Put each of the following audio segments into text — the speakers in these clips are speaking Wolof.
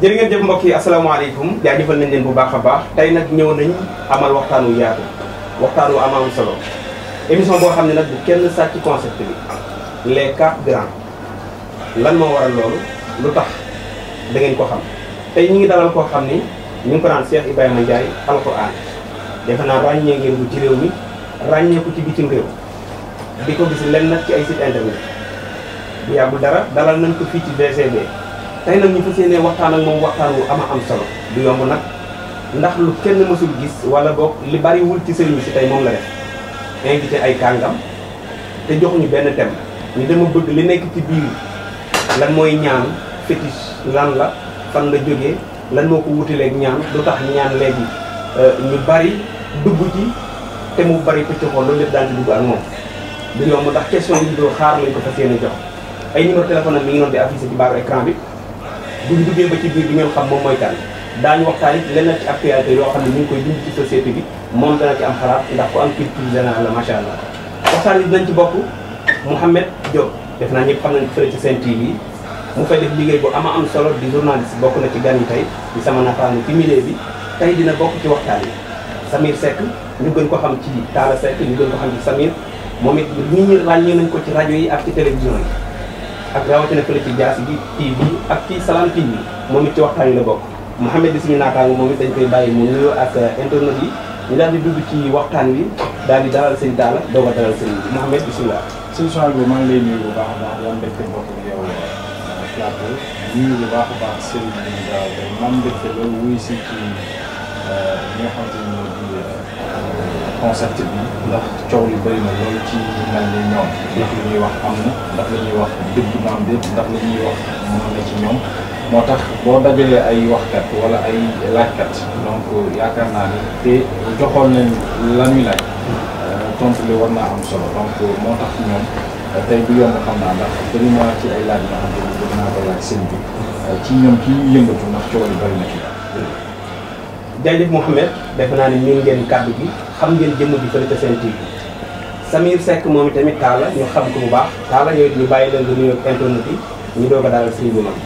jël ngeen jëf mbokk yi asalaamaaleykum jaajëfal nañ leen bu baax a baax tey nag ñëw nañ amal waxtaan wu yaatu waxtaan wu amaam solo émission boo xam ne nag bu kenn sàcc concept bi les quatre grands lan moo waral loolu lu tax dangeen ko xam tey ñu ngi dalal koo xam ni ñu ngi ko naan Cheikh Ibrahima Ndiaye alquran defe naa ràññee ngeen ko ci réew mi ràññee ko ci bitim réew di ko gis lenn nag ci ay site internet bu yàggul dara dalal nañ ko fii ci VCB. tey nag ñu fas yéenee waxtaan ak moom waxtaan bu am am solo du yomb nag ndax lu kenn mësul gis wala boog li bariwul ci sëriñ si tey moom la def invité ay kàngam te joxuñu benn thème ñu dama bëgg li nekk ci biir lan mooy ñaan fétiche lan la fan la jógee lan moo ko wutileeg ñaan lu tax ñaan léegi euh, ñu bari dugg ci te mu bari ko ci xool loolu lépp daal di dugg ak moom du yomb ndax question yi ñu doon xaar lañ ko fas yéene jox ay numéro téléphone am mi ngi noonu di affiché ci bi bu ñu ba ci biir di ngeen xam moom mooy kan daañu waxtaan it leneen ci actualité yoo xam ne ñu ngi koy dund ci société bi moom dana ci am xalaat ndax ku am culture générale la macha allah. ci bokk Mouhamed Diop def naa ñëpp xam nañ fële ci seen TV mu fa def liggéey bu ama am solo di journaliste bokk na ci gan yi tey di sama naataango ci milieu bi tey dina bokk ci waxtaan yi Samir Seck ñu gën ko xam ci Talla Seck ñu gën ko xam ci Samir moom it nit ñi ràññee nañ ko ci rajo yi ak ci yi. ak rawatina fële ci Diassi gi TV ak ci Salam TV moom it ci waxtaan yi la bokk Mouhamed di suñu naataango moom it dañ koy bàyyi mu nuyoo ak euh, internet yi ñu daal di dugg ci waxtaan wi daal di dalal sëñ daal doog a dalal sëñ bi Mouhamed bisimilah. sëñ Souhaïbou maa ngi lay nuyu bu baax a baax bi yow plateau euh, nuyu bu baax a baax sëriñ daal man mbégte loolu wuy euh, concept bi ndax coow li bëri na ci mel ni ñoom ndax li ñuy wax am na ndax li ñuy wax dëgg na am déet ndax li ñuy wax mën na ci ñoom moo tax boo dajalee ay wax waxkat wala ay laajkat donc yaakaar naa ni te joxoon ne la ñuy laaj euh, tontu li war naa am solo donc moo tax ñoom euh, tey bu yomb xam naa ndax bëri ci ay laaj yoo xam ne bëgg naa ko laaj seen bi euh, ci ñoom ci ñuy yëngatu ndax coow li bëri ci jaajëf Mouhamed defe naa ne miin ngeen kàddu bi xam ngeen jëmm ji fële ca seen TV Samir Seck moom itamit Talla ñu xam ko bu baax Talla yooyu ñu bàyyi leen nga nuyoo internet yi ñu doog a daal sëñ bu mag.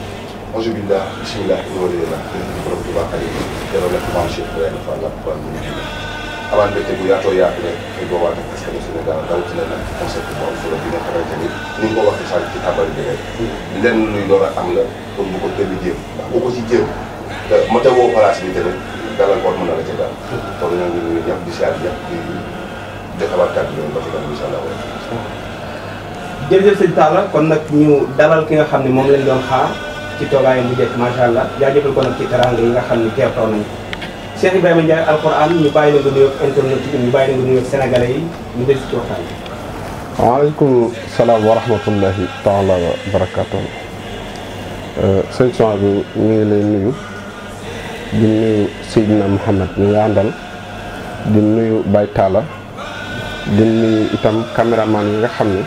auzu billah bismillah alhamdulillah borom Tuubaa xalifa yàlla lekk maam ñu boobaat ak askanu am nga xamante ni ko waxee sànq ci tàmbali bi rek a am la pour bu ko tëbi jéem ndax ko si jéem te ma tewoo place bi tamit gàllankoor mën na la kon nag ñu dalal ki nga xam ne moom lañ doon xaar ci toogaay mu jëkk macha allah jaajëfal ko nag ci teraanga yi nga xam ni teertoo nañu Cheikh Ibrahima Ndiaye alquran ñu bàyyi la nga nuyoog internet yi ñu bàyyi la nga nuyoog sénégalais yi ñu des ci waxtaan bi. waaleykum salaam wa rahmatullahi taala wa barakaatu. Euh, sëñ Sonia bi ñu ngi nuyu. di nuyu Seydina Mouhamed mi nga àndal di nuyu Baye Talla di nuyu itam caméraman yi nga xam ne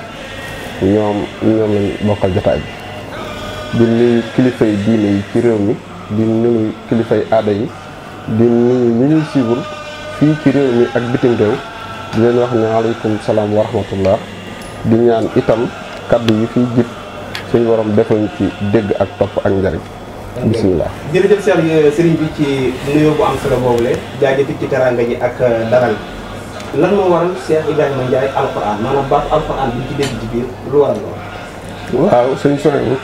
ñoom ñoom lañ bokkal jotaay bi di nuyu kilifa yi diine yi ci réew mi di nuyu kilifa yi aada yi di nuyu ñu ñuy suivre fii ci réew mi ak bitim réew di leen wax ne aleykum salaam wa rahmatullah di ñaan itam kàddu yi fiy jib suñu waroon defal ñu ci dégg ak topp ak njariñ bisimilah jërëjëf sëriñ bi ci nuyoo bu am solo boobule jaajëf ci teraanga ji ak euh, daral lan moo waral Cheikh Ibrahima Ndiaye alquran maanaam baatu alquran bi ci dégg ci lu waral lool. waaw sëriñ Souhaïbou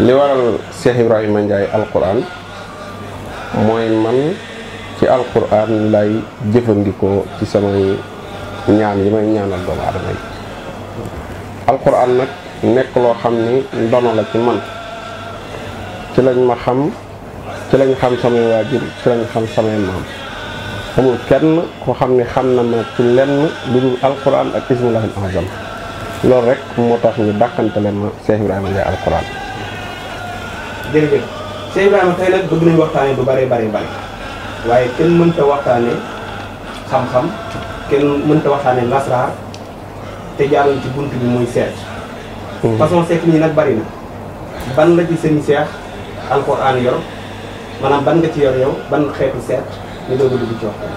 li waral Cheikh Ibrahima Ndiaye alquran mooy man ci alquran lay jëfandikoo ci samay ñaan yi may ñaanal doomu aadama yi alquran nag nekk loo xam ni ndono la ci man. ci lañ ma xam ci lañ xam samay waajur ci lañ xam samay maam amul kenn koo xam ne xam na ma ci lenn lu dul alquran ak ismillaahil azam loolu rek moo tax ñu dàkkante leen ma Cheikh Ibrahima Ndiaye alquran. jërëjëf Cheikh Ibrahima tey nag bëgg nañu waxtaanee bu bëree bëri bëri waaye kenn mënta waxtaanee xam-xam kenn mënta waxtaanee lasraar te jaaroon ci bunt bi muy seet. Hmm. façon seet ñi nag bëri na ban la ci seen seex. alquran yor maanaam ban nga ci yor yow ban xeetu seet ñu doog a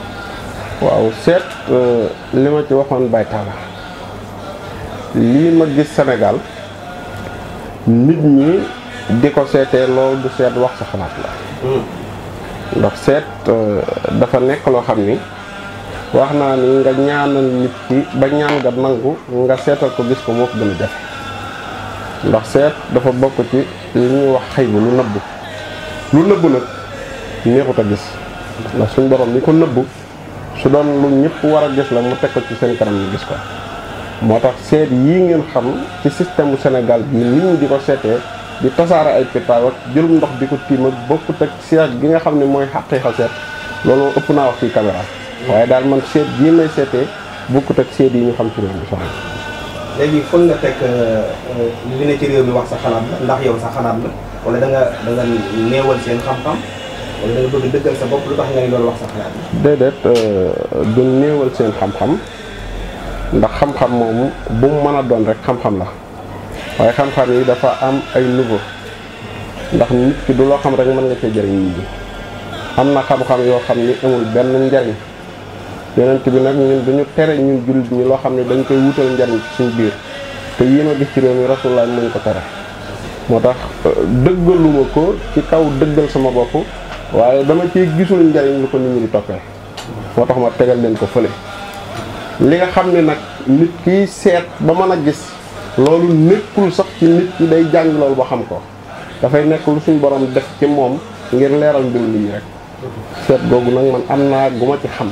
waaw seet euh, li ma ci waxoon baytaala lii ma gis Sénégal nit ñi di ko seetee loolu du seet wax sa xanaat la hmm. ndax seet euh, dafa nekk loo xam ni wax naa ni nga ñaanal nit ki ba ñaan nga nangu nga seetal ko gis ko moo ko gën a jafe ndax seet dafa bokk ci li ñuy wax xëy bu lu nëbb lu nëbb nag neexut a gis ndax suñ borom li ko nëbb su doon lu ñëpp war a gis la mu teg ko ci seen kanam ñu gis ko moo tax seet yii ngeen xam ci système bu Sénégal bi nit ñi di ko seetee di tasaare ay pétaaw ak jël ndox di ko tiim ak bokkut ak seet gi nga xam ne mooy xaqiiqa seet loolu ëpp naa wax fii caméra waaye daal man seet gii may seetee bokkut ak seet yi ñu xam ci réew mi soxna léegi ful nga teg euh, euh, li ne ci réew mi wax sa xalaat la ndax yow sa xalaat la wala da nga da nga néewal seen xam-xam wala da nga bëgg dëggal sa bopp lu tax nga ne loolu wax sa xalaat la. déedéet euh, du néewal seen xam-xam ndax xam-xam moom bu mu mën a doon rek xam-xam la waaye xam-xam yi dafa am ay niveau ndax nit ki du loo xam rek mën nga cee jëriñ nit ñi am na xam-xam yoo xam ni amul benn njariñ yonent bi nag ñun dañu tere ñu jullit ñi loo xam ne dañ koy wutal njariñ ci suñu biir te yii ma gis ci réew mi rasulullah nañ ko tere moo tax euh, dëggaluma ko ci kaw dëggal sama bopp waaye dama ciy gisul njariñ lu ko nit ñi di toppee moo tax ma tegal leen ko fële li nga xam ne nag nit kiy seet ba mën a gis loolu nekkul sax ci nit ki day jàng lool ba xam ko dafay nekk lu suñ borom def ci moom ngir leeral mbir lii rek seet googu nag man am naa gu ma ci xam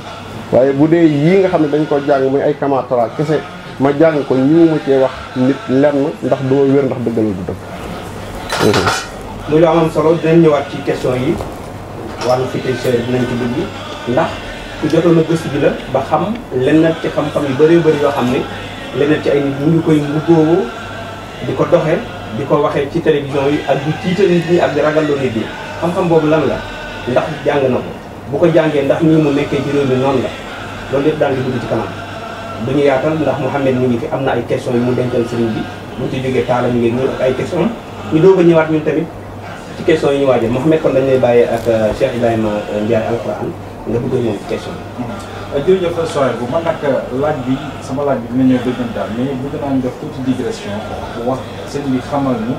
waaye bu dee yii nga xam ne dañ ko jàng muy ay kamaatara kese ma jàng ko ñi ma cee wax nit lenn ndax duma wér ndax dëggal du dëgg mhm. muy lu amoon solo dinañ ñëwaat ci question yi wàllu féticheur dinañ ci dugg ndax ku jotoon a gëstu bi la ba xam lenn ci xam-xam yu bëree bëri yoo xam ne lenn ci ay nit ñu ngi koy mbubboo di ko doxee di ko waxee ci télévision yi ak di tiital nit ñi ak di ragalloo nit ñi xam-xam boobu lan la ndax jàng na bu ko jàngee ndax nii mu nekkee ci réew mi noonu la loolu yëpp daan di dugg ci kanam du ñu yaatal ndax Mouhamed mi ngi fi am na ay question yu mu dencal sëriñ bi buñ ci jógee taala mi ngeen ñëw ak ay ñu doog a ñëwaat ñun yi ñu waajal Mouhamed kon dañ lay bàyyee ak euh, Cheikh Ibrahima euh, Ndiaye Alquran nga bëgg a ñëw ci mm-hmm. euh, bu man nag laaj bi sama laaj bi dina ñëw dëggan daal def tuuti digression wax sëñ bi xamal ni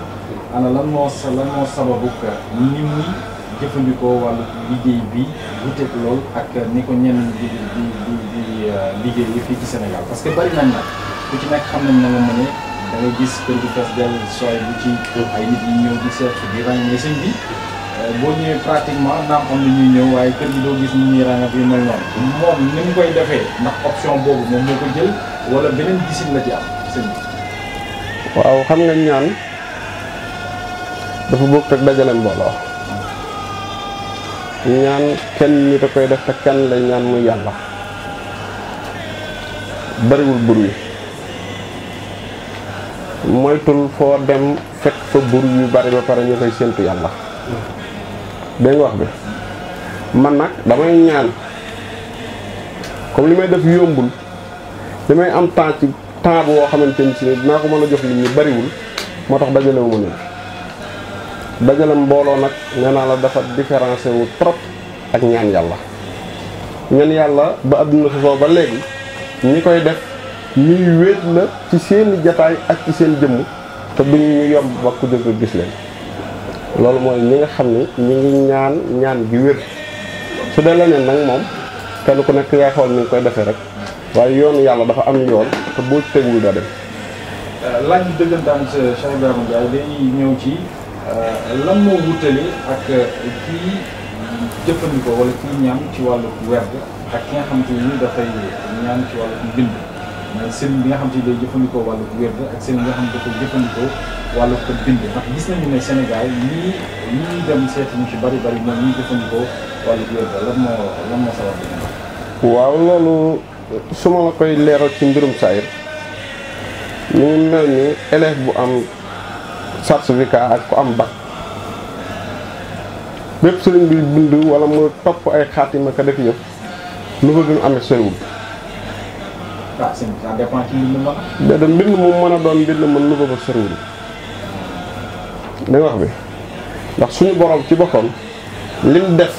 ana lan moo lan moo sababu ni muy jëfandikoo wàllu liggéey bi wuteeg lool ak ni ko ñenn bi di di di euh, liggéey fii ci Sénégal parce que bari nañ nag ku ci nekk xam nañ na nga mënee gis kër gu fees dell sooy ci ay nit yi bi euh, boo ñëwee pratiquement naam am na ñuy ñëw waaye kër gi doo gis nit ñi bi mel moom ni koy defee ndax option boobu moom moo ko jël wala beneen gisin la ci am sëñ bi waaw xam nga ñaan dafa bokk rek dajale mbooloo ñaan kenn nit a koy def te kenn lay ñaan muy yàlla bariwul bruit moytul foo dem fekk fa bruit yu bari ba pare ñu koy séentu yàlla dégg nga wax bi man nag damay ñaan comme li may def yombul li may am temps ci temps boo xamante ni si ne dinaa ko mën a jox nit ñi bariwul moo tax dajalewu ma nit dajale mbooloo nag nee naa la dafa différencé wu trop ak ñaan yàlla ñaan yàlla ba adduna sosoo ba léegi ñi koy def ñuy wéet la ci seeni jataay ak ci seen jëmm te duñ ñu yomb ba ku jóg gis leen loolu mooy ñi nga xam ni ñu ngi ñaan ñaan gi wér su dee leneen nag moom kenn ku nekk yaa xool ni nga koy defee rek waaye yoonu yàlla dafa am yoon te boo ci tegul doo dem euh, laaj bi dëggantaan Cheikh Ibrahima Ndiaye day ñëw ci Euh, lan moo wutale ak euh, kii jëfandikoo wala kii ñaan ci wàllu werd ak ki nga xam te ni dafay ñaan ci wàllu mbind mooy sëriñ bi nga xam te day jëfandikoo wàllu werd ak sëriñ bi ko bind ndax gis nañu ne Sénégal ñii ñii dem seeti ci bari bari ñoom ñuy jëfandikoo wàllu werd lan moo lan moo sabab bi waaw loolu su ma la koy leeral ci mbirum saayir ñu ngi mel ni élève bu am certificat ak ku am bac bépp sëriñ bi bind wala mu topp ay xaatima ka def yëpp lu ko gën amee bi ah, ça dépend ci mbind mu mën a. mbind mu mën a doon mën lu ko ba soriwul li wax bi ndax suñu borom ci boppam lim def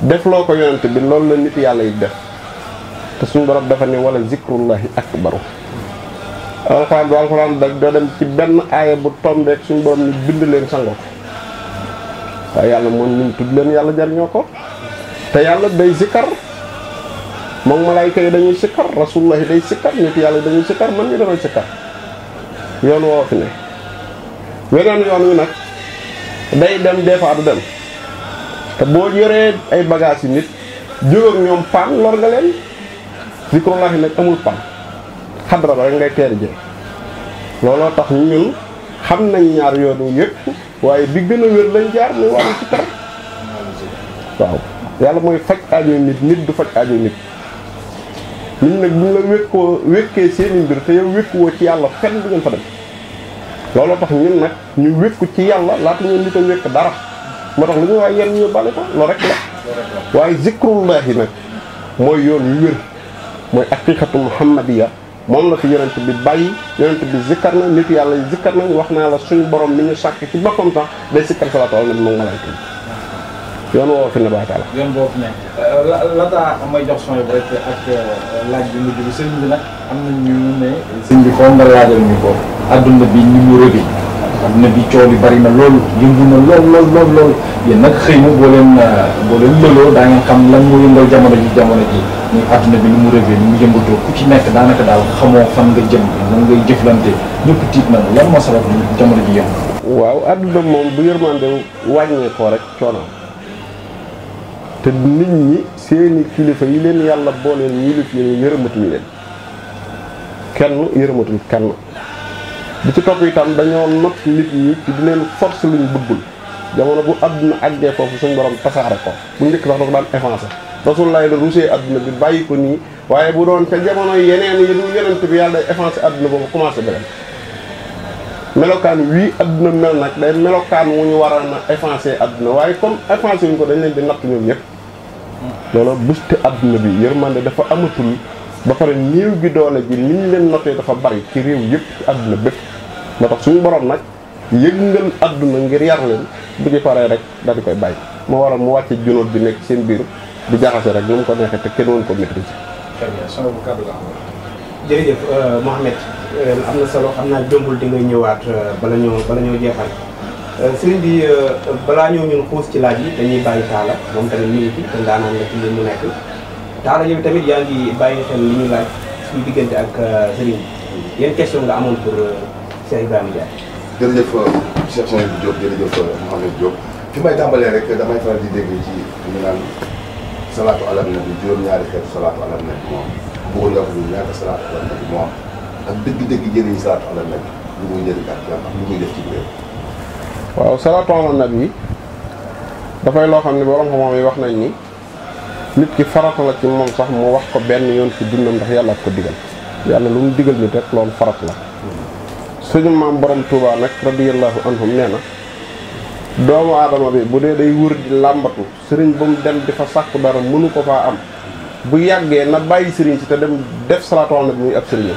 defloo ko yonent bi loolu la nit yàlla yi def te suñu borom dafa ne wala zikrullahi akbaru alxuraan bu alxuraan dag doo dem ci benn aaya bu tombeek suñu borom ni bind leen sango ko waaye yàlla moom ñu tudd leen yàlla jariñoo ko te yàlla day sikkar moom malaayka yi dañuy sikkar rasulullah day sikkar nit yàlla dañuy sikkar mën ñu damay sikkar yoon woo fi ne weneen yoon wi nag day dem des fois du dem te boo yoree ay bagages yi nit jóg ak ñoom paan lor nga leen amul paan xadra ba rek ngay teel ji looloo tax ñun xam nañ ñaar yoonu yëpp waaye bi gën a wér lañ jaar muy wàllu ci tar waaw yàlla mooy faj aajo nit nit du faj aajo nit nit nag buñ la wékkoo wékkee seeni mbir te yow wékkuwoo ci yàlla fenn du ngeen fa dem looloo tax ñun nag ñu wékku ci yàlla laata ñun nit a wékk dara moo tax lu ñu waaye yenn ñu bale ko loolu rek la waaye zikrullahi nag mooy yoon yu wér mooy aqiqatu muhammadiya moom la fi yonent bi bàyyi yonent bi zikkar na nit yàlla zikkar nañ wax naa la suñu borom mi ñu sàkk ci boppam sax day sikkar salaatu ala nabi moom malaayka yi yoon woowu fi ne baay taala yoon euh, may jox son euh, laaj bi mujj bi am na ñu ne sëñ adduna bi ni mu rëbi adduna bi coow bari na loolu yëngu na lool lool lool lool yéen nag xëy na boo leen euh, boo leen lëloo daa ngeen xam lan moo yëngal jamono ji jamono ji ni adduna bi ni mu révé mu yëngatoo ku ci nekk daanaka daal xamoo fan nga jëm nan ngay jëflante ñëpp tiit na lan moo sabab ni jamono ji yëngu. waaw adduna moom bu wàññeekoo rek coono te nit ñi seeni kilifa yi leen yàlla booleel yilif yi yërëmatuñ leen kenn yërëmatul kenn bi ci topp itam dañoo not nit ñi ci di leen force luñ bëggul jamono bu adduna àggee foofu suñ borom tasaare ko bu njëkk sax dafa daan avancé. rasulullaay la ruusee adduna bi bàyyi ko nii waaye bu doon ca jamono yeneen yi dul bi yàlla day effacé boobu commencé beneen melokaan wii adduna mel nag day melokaan wu ñu war a na effacé adduna waaye comme effacé wuñ ko dañ leen di natt ñoom ñëpp loolu buste àdduna bi yërmande dafa amatul ba pare néew gi doole ji liñ leen notee dafa bari ci réew yëpp ci adduna bépp moo tax suñu borom nag yëngal adduna ngir yar leen bu ci paree rek daal koy bàyyi moo waral mu wàcce junoot bi nekk seen biir di jaxase rek ni ko neexee te kenn woon ko maîtriser. très bien sama kàddu la jërëjëf euh, Mouhamed euh, am na solo xam naa jombul di ngay ñëwaat euh, bala ñoo bala ñoo jeexal sëriñ bi balaa ñëw ñun xuus ci laaj yi dañuy bàyyi taala moom tamit ñu ngi fi la nekk taala yow tamit yaa ngi bàyyi xel li ñu laaj suñu diggante ak sëriñ bi yan question nga amoon pour Cheikh Ibrahima Ndiaye. jërëjëf Cheikh Sonia Diop jërëjëf Mouhamed Diop fi may tàmbalee rek damay faral di dégg ci ñu naan. salaatu ala nabi juróom-ñaari xeetu salaatu ala nabi moo am bëggoon nga ko ñun ñaata salaatu ala nabi moo am ak dëgg-dëgg jëriñ salaatu ala nabi lu muy jëriñ ak yàlla lu muy def ci biir. waaw loo xam ne borom xam-xam yi wax nañ ni nit ki farata la ci moom sax mu wax ko benn yoon ci dundam ndax yàlla ko digal yàlla lu mu digal nit rek loolu farat la. Hmm. suñu maam borom Touba nag radiyallahu anhum nee doomu aadama bi bu dee day wër di làmbatu sëriñ ba mu dem di fa sàkku dara mënu ko faa am bu yàggee na bàyyi sëriñ si te dem def salaatu na nabi muy ab sëriñam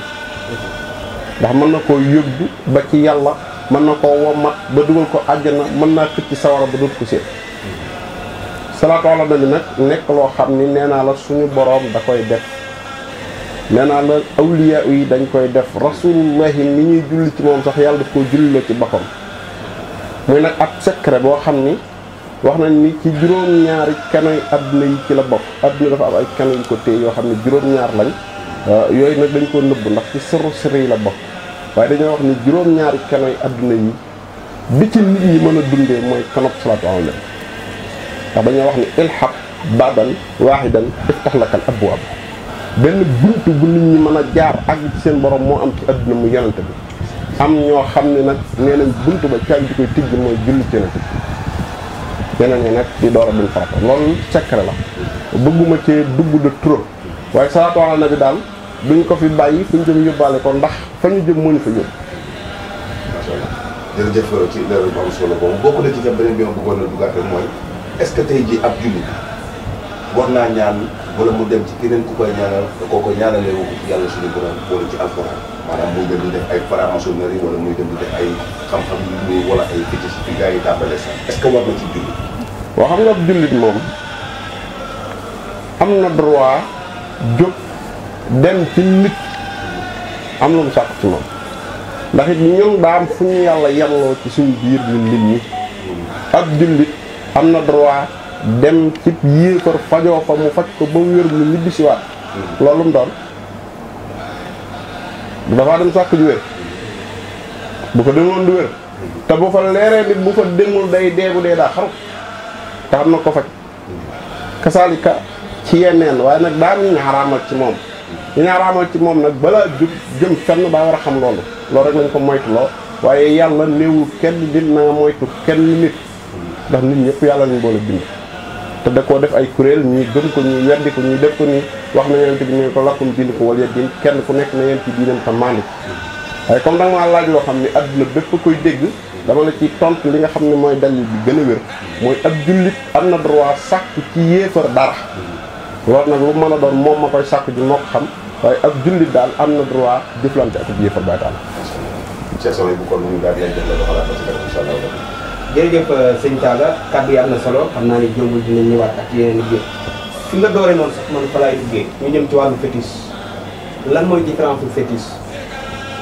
ndax mën na koo yóbbu ba ci yàlla mën na koo wommat ba dugal ko na mën naa xëcc sawara ba dut ko séet salaatu ala nabi nag nekk loo xam ni nee naa la suñu boroom da koy def nee naa la awliya yi dañ koy def rasulullahi mi ñuy julli ci moom sax yàlla daf koo julli la ci boppam muy nag ab secret boo xam ni wax nañ ni ci juróom-ñaari kanoy adduna yi ci la bokk adduna dafa am ay kano yu ko téye yoo xam ne juróom-ñaar lañ euh, yooyu nag dañ ko nëbb ndax ci sirru sirri yi la bokk waaye dañoo wax ni juróom-ñaari kanoy adduna yi bi ci nit ñi mën a dundee mooy kanop salaatu alayhi ndax dañoo wax ni ilhaq tax waahidan iftax lakal abwaab benn buntu bu nit ñi mën a jaar àgg ci seen borom moo am ci àdduna mu yonente bi am ñoo xam ne nag nee nañ buntu ba caabi di koy tijj mooy julli ci na ñeneen ñi nag di door a dul farata loolu secret la bëgguma cee dugg de trop waaye salaatu ala bi daal duñ ko fi bàyyi fuñ jëm yóbbaale ko ndax fa ñu jëm moo ñu fa yóbbu. macha allah jërëjëf ci leeral bu am solo bokk na ci tam beneen bi ma bëggoon a duggaat rek mooy est-ce que tey jii ab jullit war naa ñaan. wala mu dem ci keneen ku koy ñaanal te koo ko ñaanalee wu yàlla ay franc-maçonnerie wala muy dem di ay xam-xam yu ay fétiche est-ce que war na ci julli. xam nga jullit moom am na droit jóg dem ci nit am lu mu sàkk ci moom ndax it daa am fu ñu yàlla yelloo ci suñu biir ñun nit ñi ak jullit am na droit. dem ci yéefar fajoo fa mu faj ko ba wér mu ñibbi si waat loolu mu doon du dafaa dem sàkk ju wér bu ko demoon du wér te bu fa leeree nit bu fa demul day deebu dee daa xaru te xam na ko faj kasaalika ci yenneen waaye nag daa ñu xaraamal ci moom ñu xaraamal ci moom nag balaa jub jëm fenn baa war a xam loolu loolu rek lañ ko moytuloo waaye yàlla néewul kenn nit na moytu kenn nit ndax nit ñëpp yàlla lañ boole bind te da koo def ay kuréel ñuy gën ko ñuy weddi ko ñuy def ko nii wax na yonente bi ne ko lakkum diin ko wala diin kenn ku nekk na yéen ci diinam te maandi waaye comme danga maa laaj loo xam ne adduna bépp koy dégg dama la ci tontu li nga xam ne mooy dalil bi gën a wér mooy ab jullit am na droit sàkk ci yéefar dara loolu nag lu mën a doon moom ma koy sàkk ji moo ko xam waaye ab jullit daal am na droit jëflante ak yéefar baay taala. incha ko nuyu jërëjëf euh, sëñ Talla kàddu yi am na solo xam naa ne jëmbul dina ñëwaat ak yeneen liggéey fi nga doore noonu sax man fa laay duggee ñu jëm ci wàllu fétiche lan mooy différence bu fétiche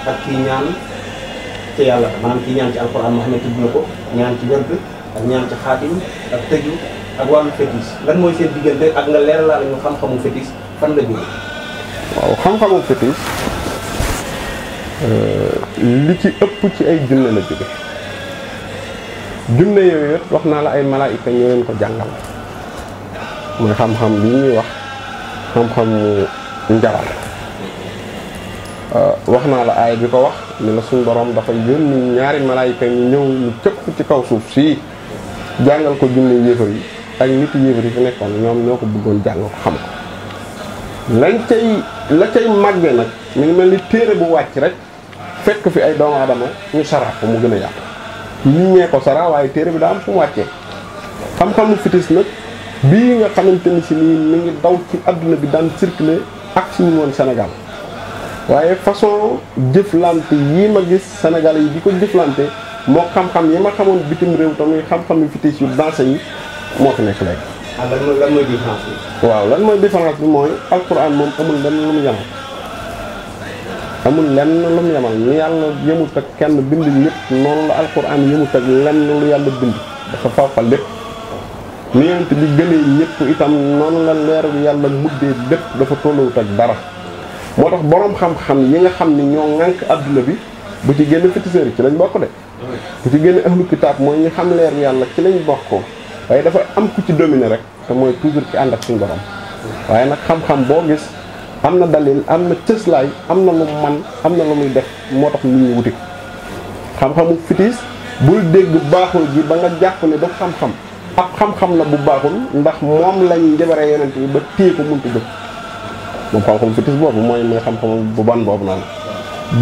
ak kii ñaan ci yàlla maanaam kii ñaan ci alxuraan moo xam ne tudd na ko ñaan ci wërd ak ñaan ci xaatim ak tëju ak wàllu fétiche lan mooy seen diggante ak nga leeralal ñu xam-xamu fétiche fan la jógee. waaw xam-xamu fétiche euh, li ci ëpp ci ay junne la jóge junne yooyu yëpp wax naa la ay malaayika ñoo leen ko jàngal mooy xam-xam bi ñuy wax xam-xam mu njabar euh, wax naa la ay bi ko wax ne la suñ borom dafa yónni ñaari malaayika ñu ñëw ñu cëpp ci kaw suuf sii jàngal ko junne yéefar yi ak nit yéefar yi fi nekkoon ñoom ñoo ko bëggoon jàng ko xam ko lañ cay la cay màgge nag mi ngi mel ni téere bu wàcc rek fekk fi ay doomu aadama ñu saraaf ko mu gën a yàqu ñu ñee ko sara waaye téere bi daa am fu mu wàccee xam-xamu fitis nag bii nga xamante ni si nii mi ngi daw ci àdduna bi daan circuler ak suñu woon senegal waaye façon jëflante yi ma gis Sénégal yi di ko jëflante moo xam-xam yi ma xamoon bitim réew tamit xam-xamu fitis yu dansé yi moo fi nekk léegi. Ah, lan mooy lan mooy différence bi. waaw lan mooy différence bi moom amul lenn lu mu yàlla. amul lenn lu mu yemal ñu yàlla yemut ak kenn bind ñëpp noonu la alquran yemut ak lenn lu yàlla bind dafa fawfa lépp ni yonent bi gënee ñëpp itam noonu la leer bi yàlla muddee lépp dafa tolluwut ak dara moo tax boroom xam-xam yi nga xam ni ñoo ŋànk adduna bi bu ci génn féticheurs yi ci lañ bokk de bu ci génn ahlu kitaab mooy ñu xam leer yàlla ci lañ bokk waaye dafa am ku ci dominer rek te mooy toujours ci ànd ak suñu borom waaye nag xam-xam boo gis am na dalil am na cëslaay am na lu man am na lu muy def moo tax nit ñi wuti xam-xamu fitis bul dégg baaxul ji ba nga jàpp ne du xam-xam ab xam la bu baaxul ndax moom lañ jabaree yonent ba téye ko muntu fitis boobu mooy mooy xam-xam bu ban boobu noonu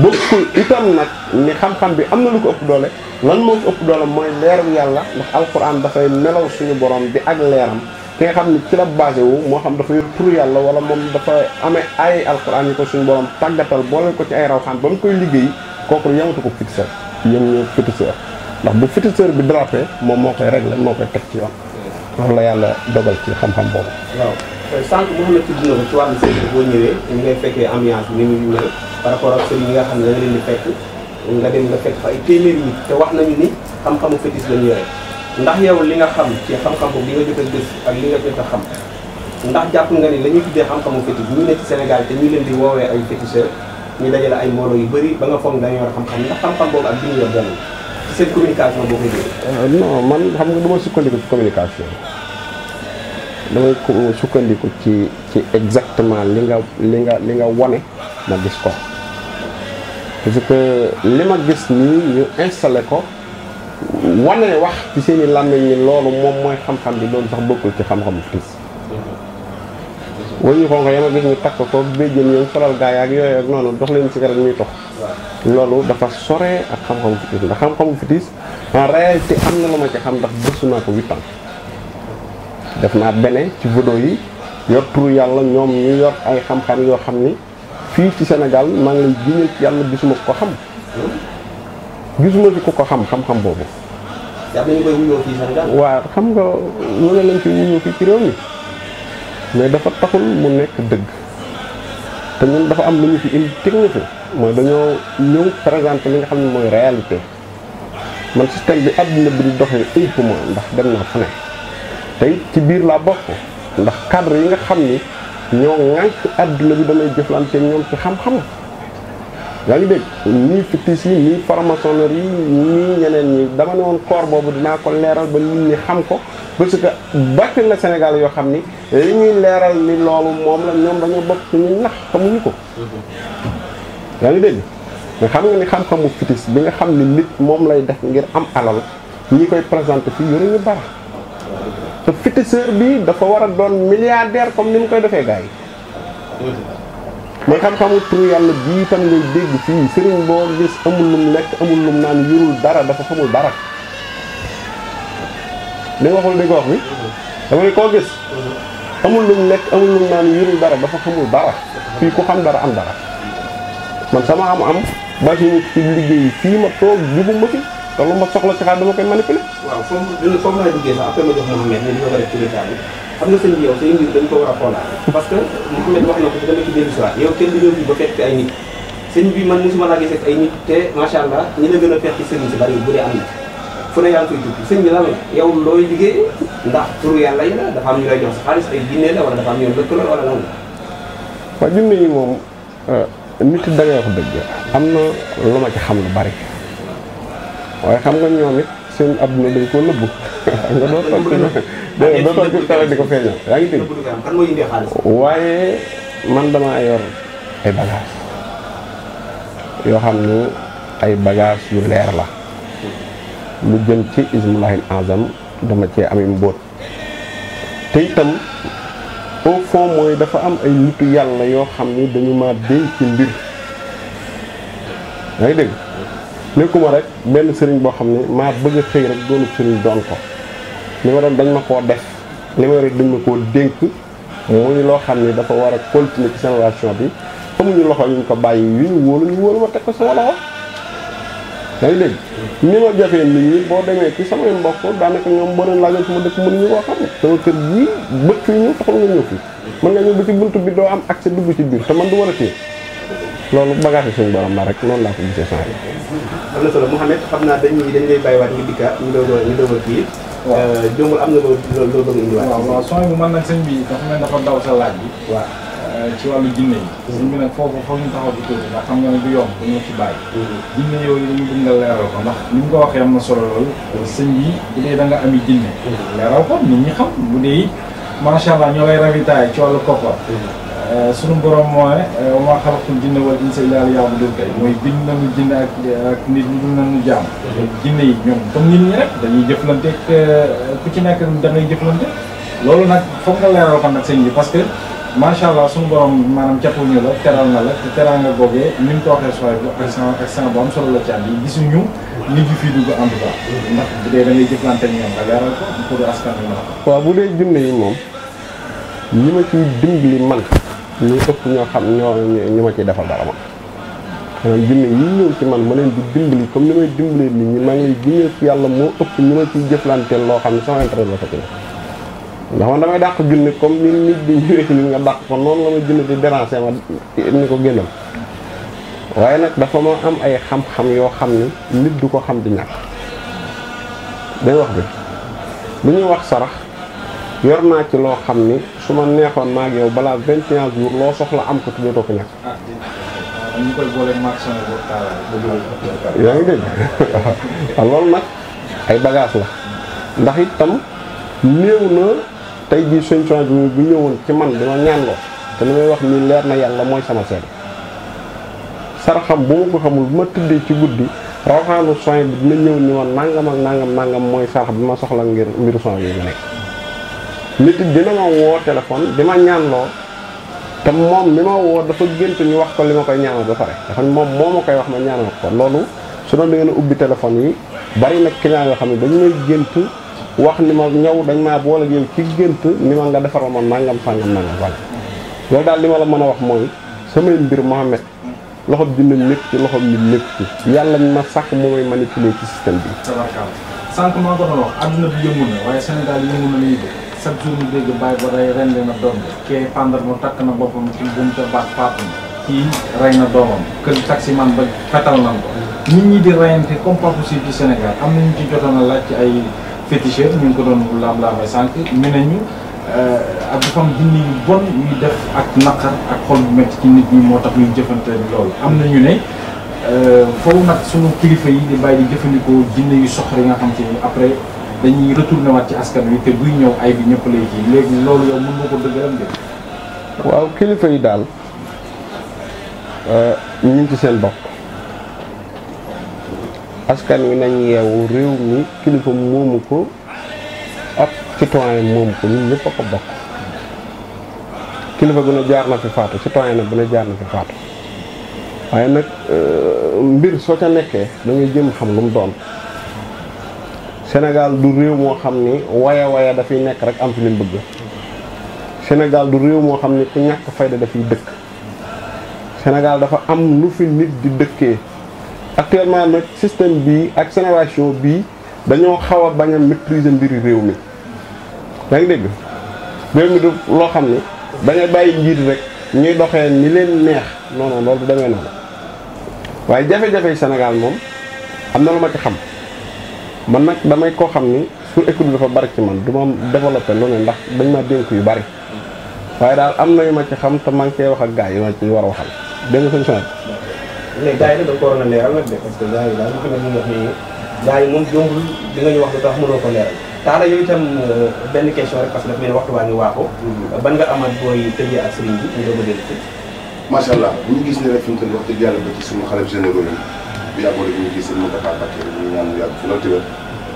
bokkul itam nag ni xam-xam bi am na lu ko ëpp doole lan moo ko ëpp doole mooy leeru yàlla ndax alquran dafay nelaw suñu borom bi ak leeram ki nga xam ne ci la basé wu moo xam dafa yor tur yàlla wala moom dafa amee ay alxuraan yi ko suñu borom tàggatal boole ko ci ay rawxaan ba mu koy liggéey kooku yamatu ko fixeur yéen ñoo féticheur ndax bu féticheur bi drapé moom moo koy réglé moo koy teg ci yoon loolu la yàlla ci xam-xam boobu waaw sànq moom la ñu ngay fekkee ambiance bi ni muy mel par rapport ak sëriñ yi nga xam ne da nga leen di fekk nga dem nga fekk fa ay téeméer yi te wax nañu ni xam-xamu fétiche lañu yore ndax yow li nga xam ci xam-xam boobu li nga jot ak li nga jot a xam ndax jàpp nga ni la ñuy tuddee xam-xamu fétiche ñu ne ci Sénégal te ñu leen di woowee ay féticheur ñu dajale ay mbooloo yu bëri ba nga foog dañu war xam-xam ndax xam-xam boobu ak bi ñu seen communication boo koy déglu. man xam nga dama sukkandiku ci communication damay sukkandiku ci ci exactement li nga li nga li nga wane ma gis ko parce que li ma gis nii ñu installé ko. wane wax ci seen i làmmiñ yi loolu moom mooy xam-xam bi doon sax bokkul ci xam-xamu fiis wañu xonko yama gis ñu takk ko béjjën ñoom solal gaay ak yooyu ak noonu dox leen sigaret ñuy tox loolu dafa sore ak xam-xamu fitis ndax xam-xamu fitis en réalité am na lu ma ci xam ndax gëstu naa ko huit def naa bene ci vodo yi yor turu yàlla ñoom ñu yor ay xam-xam yoo xam ni fii ci senegal maa ngi lay giñal ci yàlla gisuma ko xam gisuma ci ku ko xam xam-xam boobu. yaa ngi koy wuyoo fii xam nga lu ne lañ ci wuyoo fii ci réew mi mais dafa taxul mu nekk dëgg te ñun dafa am lu ñu fi indi mooy dañoo ñëw présenter li nga xam ne mooy réalité man système bi àdduna bi ñu doxee ëpp ma ndax dem naa fu ne tey ci biir laa bokk ndax cadre yi nga xam ni ñoo ŋànk àdduna bi damay jëflante ñoom ci xam-xam. yaa ngi dégg nii fictice yi nii franc yi nii ñeneen ñi dama ne woon corps boobu dinaa ko leeral ba nit ñi xam ko parce que bari na Sénégal yoo xam ni li ñuy leeral ni loolu moom la ñoom dañoo bokk ñu nax xamuñu ko yaa ngi dégg nga xam nga ni xam-xamu fictice bi nga xam ni nit moom lay def ngir am alal ñi koy présenté fii yore ñu bara te ficticeur bi dafa war a doon milliardaire comme ni mu koy defee gars yi mooy xam-xamu turu yàlla bii tam ngay dégg fii sëriñ boo gis amul lum lekk amul lum naan yorul dara dafa xamul dara li nga waxul ko wax bi dama ne koo gis amul lum lekk amul lum naan yorul dara dafa fii ku xam dara am dara man sama am am ba ci nit liggéey fii ma toog jubu ma fi te lu ma soxla ci xaar dama koy manipuler waaw foofu ma jox moom mel ni li ko xam nga seen yow seen mbir dañ ko war a xoolaat parce que Mouhamed wax na ko dama ci dellu si yow kenn du ñëw fi ba fekk ay ay nit te macha allah ñi gën a fekk ci sëriñ si bari bu dee am na fu ne yaa koy tukki sëñ bi lan yow looy liggéey ndax turu yàlla yi la dafa am ñu lay xaalis ay jinne la wala dafa am ñoom lëkk la wala la waaw junne yi moom euh, nit da wax dëgg am na lu ma ci xam lu bari waaye xam nga ñoom it seen adduna dañ koo nëbbu. nga doo toog ci doo toog di ko feeñal yaa ngi dégg. waaye man damaa yor ay bagages yoo xam ne ay bagages yu leer la. lu jëm ci ismulahil azam dama cee ami mbóot te itam au fond mooy dafa am ay nitu yàlla yoo xam ni dañu ma déy ci mbir yaa ngi dégg. nekkuma rek benn sëriñ boo xam ne maa bëgg a rek doonub sëriñ doon ko li ma doon dañ ma koo def li ma rek dañ ma koo dénk muy loo xam ne dafa war a continuer ci génération bi amuñu loxo yuñ ko bàyyi yu ñu wóolu ñu wóolu ma teg ko sama loxo yaa ngi dégg ni ma boo demee ci samay mbokk daanaka ñoom boo leen laajoon sama dëkk mënuñu koo xam ne kër gii bët fii nga ñëw fii mën nga ñëw ba ci bunt bi doo am accès dugg ci biir te man du war a téye loolu bagage suñu borom la rek noonu laa ko gisee saa yi. am na solo Mouhamed xam naa dañ dañ lay bàyyiwaat a ñu doog a euh, am na loo loo bëgg indiwaat. waaw waaw sooy bu man euh, ci wàllu jinne yi. Mhm. sëñ bi nag foofu foog ñu taxaw ci tuuti ndax bàyyi. Mhm. jinne yooyu dañu bëgg nga ko ndax ni mu ko waxee am solo loolu. Mhm. sëñ bi bu dee da ami jinne. leeral ko nit ñi xam bu dee it macha allah ñoo lay ravitaay ci wàllu koppar Eh, sunu borom moo ne eh, maa xalaqtul jinna wal insa illaa liya'buduun kay mooy bind nañu jinne ak nit ñi dul nañu jaam. jinne yi ñoom comme nit ñi rek eh, ku ci nekk da ngay loolu nag foog nga leeral ko nag sëñ bi parce que macha allah sunu borom maanaam jàppuñu la la te teral nga googee ni mu ko waxee sooy bu ak sama ak sama bu am solo la yi ma. waaw bu dee jinne yi moom li ma ciy dimbali man. ñu ëpp ñoo xam ñoo ñu ma ciy defal dara ma maanaam jinne yi ñëw ci man ma leen di dimbali comme ni may dimbalee nit ñi maa ngi lay giñee yàlla moo ëpp ñu ma ciy jëflanteel loo xam ne sama intérêt la ko ci ne ndax man damay dàq jinne comme ni nit di ñëwee ci nit nga dàq ko noonu la ma jinne di déranger ma ni ko génnal waaye nag dafa ma am ay xam-xam yoo xam ni nit du ko xam di ñàkk day wax bi lu ñuy wax sarax yor naa ci loo xam ni su ma neexoon ma ak yow balaa vingt et jours loo soxla am ko te dootoo ko ñàkk. Ah, yaa ngi dégg waaw ah, loolu nag ay bagage la ndax itam néew na tey jii suñ changement bu ñëwoon ci man dama ñaanloo te li may wax nii leer na yàlla mooy sama seede saraxam bu ma ko xamul bu ma tëddee ci guddi rawaxaanu soin bi dina ñëw ni woon nàngam ak nangam nangam mooy sarax bi ma soxla ngir mbiru soin bi ma nekk nit it dina ma woo téléphone di ma ñaanloo te moom mi ma woo dafa gént ñu wax ko li ma koy ñaanal ba pare dafa moom moo ma koy wax ma ñaanal ko loolu su doon da ubbi téléphone yi bari nag client yoo xam ne dañu may gént wax ni ma ñëw dañ maa boole yow ci gént ni ma nga defaral ma nangam sangam nangam wala loolu daal li ma la mën a wax mooy samay mbir Mohamed loxo dina nekk ci loxo mi nekk ci yàlla na sax moo may manipuler ci système bi. bi yëngu chaque jour ñu dégg bàyyi ba rey ren na doom kee pandar mu takk na boppam ci bunta baax paapam kii rey na doomam kër taximan ba fetal nan ko nit ñi di reyante comme pas possible ci Sénégal am nañu ci jotoon laaj ci ay féticheur ñu ko doon laam-laamee sànq ñu ne ñu euh, ak dafa am jinne yu bon yuy def ak naqar ak xol bu métti ci nit ñi moo tax ñuy jëfante lool am na ñu ne euh, foofu nag sunu kilifa yi di bàyyi di jëfandikoo jinne yu soxor nga xam te après dañuy retourné ci askan wi te buy ñëw ay bi ñëpp lay léegi loolu yow mën nga ko dëgëram de. waaw kilifa yi daal euh, ñu ngi ci seen bopp askan wi nañ yeewu réew mi kilifa moomu ko ab citoyen moomu ko ñun ñëpp a ko bokk kilifa gu ne jaar na fi faatu citoyen bu ne jaar na fi faatu waaye nag euh, mbir soo ca nekkee da ngay jëm xam lu mu doon. Sénégal du réew moo xam ni waya waya dafay nekk rek am fi leen bëgg Sénégal du réew moo xam ni ku ñàkk fayda dafiy dëkk Sénégal dafa am lu fi nit di dëkkee actuellement nag système bii ak génération bii dañoo xaw a bañ a maîtriser mbiri réew mi yaa ngi dégg réew mi du loo xam ni daña bàyyi njiit rek ñuy doxee ni leen neex non loolu du demee noonu waaye jafe-jafe Sénégal moom am na lu ma ci xam man nag damay koo xam ni su équipe dafa bari ci man du ma développé lu ne ndax dañ ma dénk yu bari waaye daal am na yu ma ci xam te maa ngi cee wax ak gars yi ma ci war a waxal dégg nga seen sonal. parce que daal li fi nekk ñu wax nii gars wax lu tax mënoo ko leeral. taala yooyu itam euh, benn question rek que dafa mel ni waxtu waa ngi waaxu. Mm-hmm. ban nga amat booy macha allah gis ne rek fi mu toll wax dëgg yàlla ba ci suñu xale généraux yi bu yàggoo rek ñu ngi gis sëñ Mountakha Mbacké ñu ñaan mu yàgg fi loolu téwér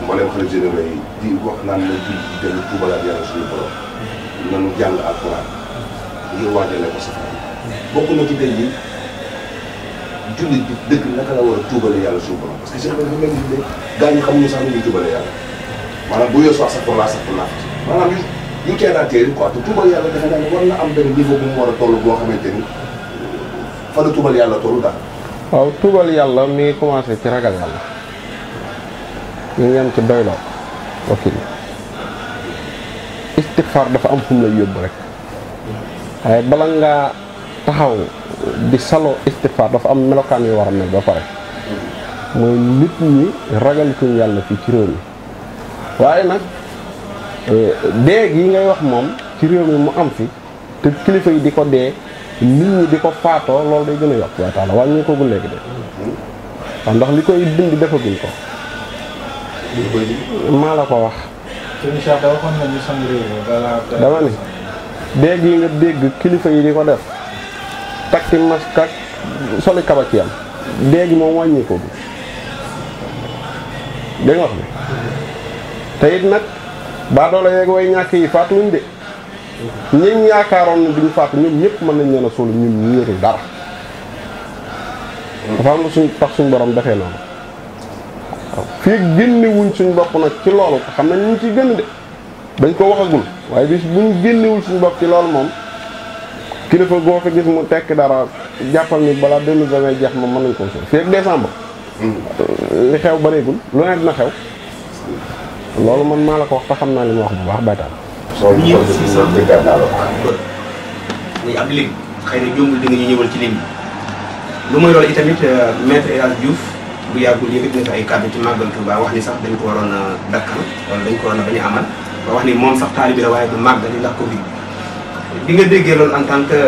mbooleem xarit généraux yi di wax naan na jul dem tuubalaat yàlla suñu borom nanu jàng alxuraan ngir waajale ko safara bokk na ci tey ji jullit bi dëgg naka la war a tuubale yàlla suñu borom parce que Cheikh dafa mel ni gaa ñi xamuñu sax ni ñuy tuubale yàlla maanaam bu yoosu wax sax pour laa sax pour laa maanaam yu yu teel a teel quoi te tuubal yàlla dafa naa ne war na am benn niveau bu mu war a toll boo xamante ni fa la tuubal yàlla toll daal waaw tuubal yàlla mi ngi commencé ci ragal yàlla mu ngi yem ci doyloo wakil istixfaar dafa am fu mu lay yóbbu rek waaye bala ngaa taxaw di salo istixfaar dafa am melokaan yu war a mel ba pare mooy nit ñi ragal ko yàlla fii ci réew mi waaye nag eh, déeg yi ngay wax moom ci réew mi mu am fi te kilifa yi di ko dee nit ñi di ko faatoo loolu day gën a yokk waaye la wàññi ko léegi de waaw ndax li koy dindi defaguñ ko maa la ko wax dama dégg yi nga dégg kilifa yi di ko def takki masque soli kaba ci yam dégg moom wàññi ko wax bi mm-hmm. te it nag baa doole yeeg way ñàkk yi faatuñ de ñeñ yaakaaroon ne duñu faatu ñoom ñëpp mën nañ leen a suul ñun ñu yëru dara dafa am suñ tax suñ borom defee noonu fii génne wuñ suñ nag ci loolu xam nañ ñu ci gën dañ ko waxagul waaye bis génnewul suñ bopp ci loolu moom kilifa goo ko gis mu tekk dara jàppal ni balaa deux mille jeex moom mën nañ ko suul fii ak décembre hmm. li xew bareegul lu ne dina xew loolu man maa la ko wax te xam naa li ma wax bu baax baytaan loolu ñu dëggaat naa la ko. muy ab lim xëy na juumul di ñëwal ci lim lu muy loolu itamit euh, maître El Hadj Diouf bu yàggul yëkkati na fi ay kàddu ci màggal Tuuba wax ni sax dañ ko waroon a dakkal wala dañ ko waroon a bañ a amal wax ni moom sax taalibe waaye du màggal ndax ko bi bi nga déggee loolu en tant que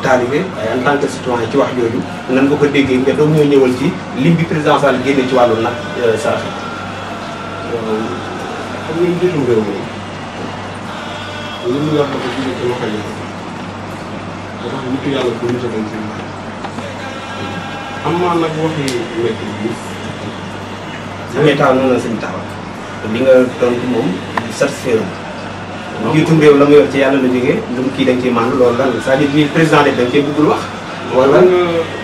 taalibe waaye en tant que citoyen ci wax jooju nan nga ko déggee nga doog ñoo ñëwal ci lim bi président Sall ci wàllu nag euh, sarax. Euh, xam li mu yor dafa jóge yi da tax nitu yàlla a doon seen am naa nag waxi métti bi. suñu état noonu la sëñ taxaw nga tontu moom satisfaire wu. jiitum réew la nga yor ci yàlla la jógee lu mu kii da nga ciy loolu lan la c'est-à-dire président de da nga cee wax. wala nga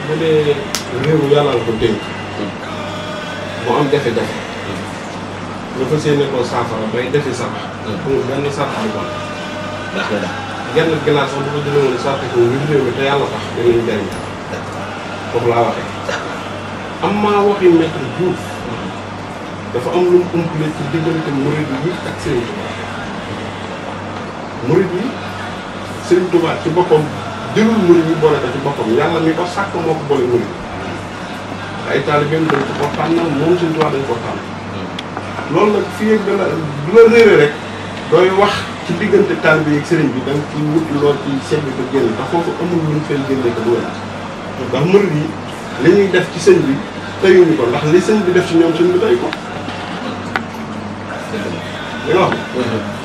bu dee réew yàlla la ko dénk. mu am jafe-jafe. ñu hmm. fas yéene koo saafara bay defi sax. pour hmm. benn saafara bu daf koy dàq. genn ginaar sax bu ko jëlee dafa am lu mu umpale ci boppam jëlul murid yàlla mi ko sàkk hmm. loolu nag fii ak dana la réere rek dooy wax. ci diggante taal bi ak sëriñ bi da nga ciy lool ci sëñ ko génn ndax foofu amul ñu fay génne ko doole def ci sëñ bi tayuñu bi def ci ñoom sëñ bi nga wax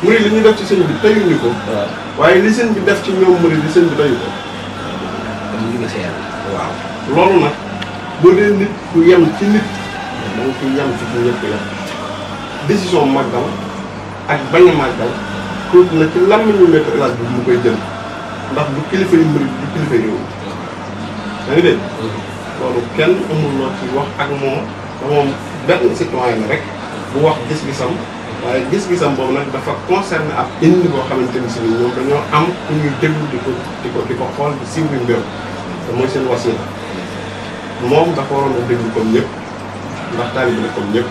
murid li ñuy def ci sëñ bi tayuñu ko waaye li sëñ bi def ci ñoom murid li sëñ bi tayu ko waaw loolu nag boo dee nit ku yem ci nit da nga koy yem ci ñëpp yem décision màggal ak bañ a tuuti na ci làmmiñu Maître El Hadj bi mu koy jël ndax du kilifa yu murit du kilifa yu yow. da loolu kenn amul loo ci wax ak moom moom benn citoyen rek bu wax gis-gisam waaye gis-gisam boobu nag dafa concerné ab indi boo xamante ni si dañoo am ku ñuy di ko xool di moom dafa waroon a déglu comme ñëpp ndax taalibe la comme ñëpp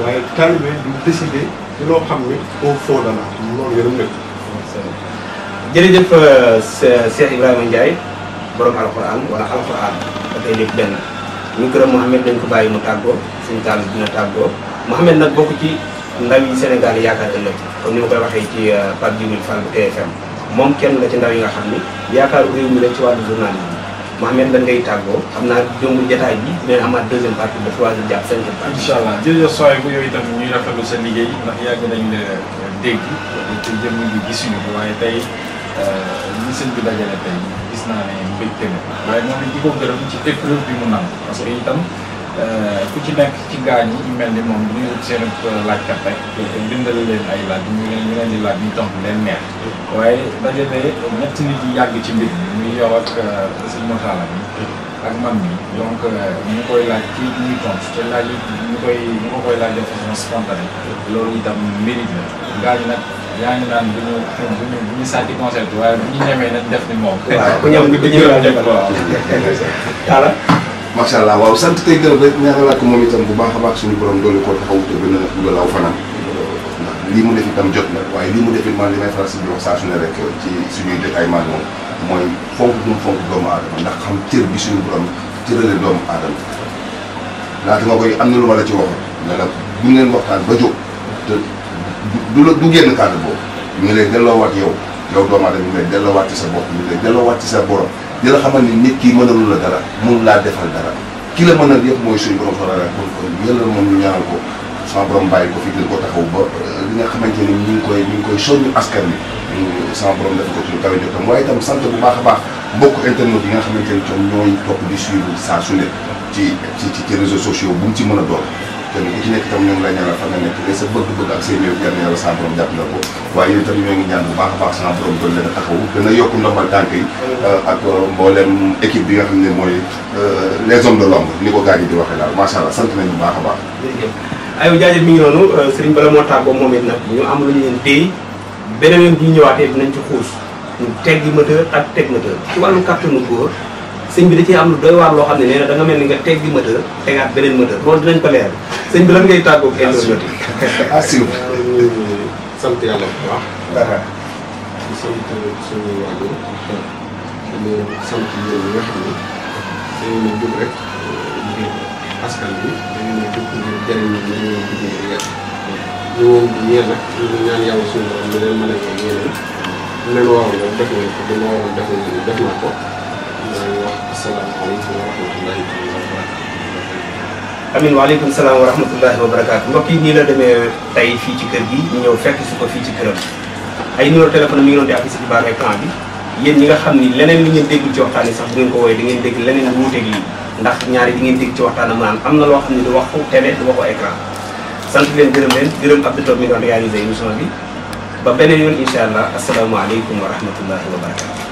waaye taalibe du décider. ci loo xam ne foofu foo dana loolu yërëm nga jërëjëf euh, Cheikh Ibrahima Ndiaye borom alxuraan wala alxuraan dafay lépp benn ñu gërëm Mouhamed dañ ko bàyyi mu tàggoo suñu taal dina tàggoo Mouhamed nag bokk ci ndaw yi Sénégal yaakaar ëllëg comme ni ma koy waxee ci euh, Pape Djibril Fall bu TFM moom kenn la ci ndaw yi nga xam ni yaakaar réew mi la ci wàllu journalisme Mohamed lan ngay tàggoo xam naa jombu jotaay bi dinañ amaat deuxième partie ba trois heures jàpp cinquième partie. incha allah jërëjëf Soye bu yooyu itam ñuy rafetlu sa liggéey ndax yàgg nañ ne euh, dégg te jëm ñu gisuñu ko waaye tey ñi euh, bi dajale tey gis naa ne mbégte na waaye moom it di gërëm ci épreuve bi mu nangu parce que itam. Euh, ku ci nekk ci gaañ yi mel ni moom bu ñu ut seen euh, laajkat rek bindal leen ay laaj ñu leen ñu leen di laaj ñu tontu leen neex waaye dajale ñetti nit yi yàgg ci mbir mi muy yow ak euh, sëñ Moussa mi ak ñu koy laaj ci ñuy tontu te laaj ñu koy ñu ko laaj de façon spontanée loolu itam mérite la gaañ nag yaa ngi naan bu ñu bu ñu bu ñu sàcc concept waaye bu ñu ñemee nañ def ni moom. waaw ku ñam ku ñam waaw. macha allah waaw sant tey gërëm rek ñaanalaat ko moom itam bu baax a baax suñu borom doole ko taxawu te gën a guddal aw fanam ndax lii mu def itam jot na waaye lii mu def it man li may faral si biir saa su rek ci suñuy jotaay maag moom mooy fonk bu mu fonk doomu aadama ndax xam cër bi suñu borom cërale doomu aadama laata nga koy am na lu ma la ci waxoon ne la buñ leen waxtaan ba jóg te du la du génn cadre boobu ñu ngi lay delloowaat yow yow doomu aadama ñu ngi ci sa bopp ñu ngi lay ci sa borom di la xamal ni nit ki mënalu la dara mënu laa defal dara ki la a yëpp mooy suñu borom soxla rek kon kon yàlla moom ko sama borom bàyyi ko fi gën ko taxaw euh, li nga xamante ni ñu ngi koy ñu ngi koy soññu askan bi sama borom def ko ci lu kawe jotam waaye itam sant bu baax a baax mbokk internet yi nga xamante ni ñoom ñooy topp di suivre saa su ne ci ci ci réseaux sociaux bu mu ci mën a doon kenn ku nekk tam ñoom la fa nga nekk te sa bëgg-bëgg ak seen yow kenn yàlla saa borom jàpp a baax saa borom doon leen a a yokk ndombal tànk yi euh, ak euh, mboolem équipe bi nga mooy euh, les hommes de l'ombre ni ko gars yi di waxee daal macha allah sant nañu baax a baax. jërëjëf aywa mi ngi noonu Serigne bala moo tàggoo moom it nag ñu am lu ñu leen téye beneen yoon bu ñu ñëwaatee dinañ ci xuus ñu teggi moteur ak teg moteur ci wàllu kàttanu góor sëñ bi da cee am lu doy loo xam ne nee na da nga mel ni nga teggi moteur tegaat beneen moteur loolu dinañ ko leer sëñ bi lan ngay tàggoog internet yi asiw sant yàlla nga xam euh, bi dañu ne jóg ngir jëriñ ñi ñu leen di liggéey ñu leen di ñeel nag ñu ñaan yàlla suñu borom ñu leen mën amin waaleykum salaam wa rahmatullahi wa barakaatu mbokk yi nii la demee tey fii ci kër gi ñëw fekk su ko fii ci këram ay numéro téléphone mi ngi doon di affiché ci barre écran bi yéen ñi nga xam ni leneen li ngeen dégg ci waxtaan yi sax bu ngeen ko wooyee da ngeen dégg leneen lu wuuteeg lii ndax ñaari di ngeen dégg ci waxtaan am naan am na loo xam ne du waxu télé du waxu écran sant leen gërëm leen gërëm Abdou Top mi doon réalisé émission bi ba beneen yoon incha allah asalaamaaleykum wa rahmatullahi wa barakaatu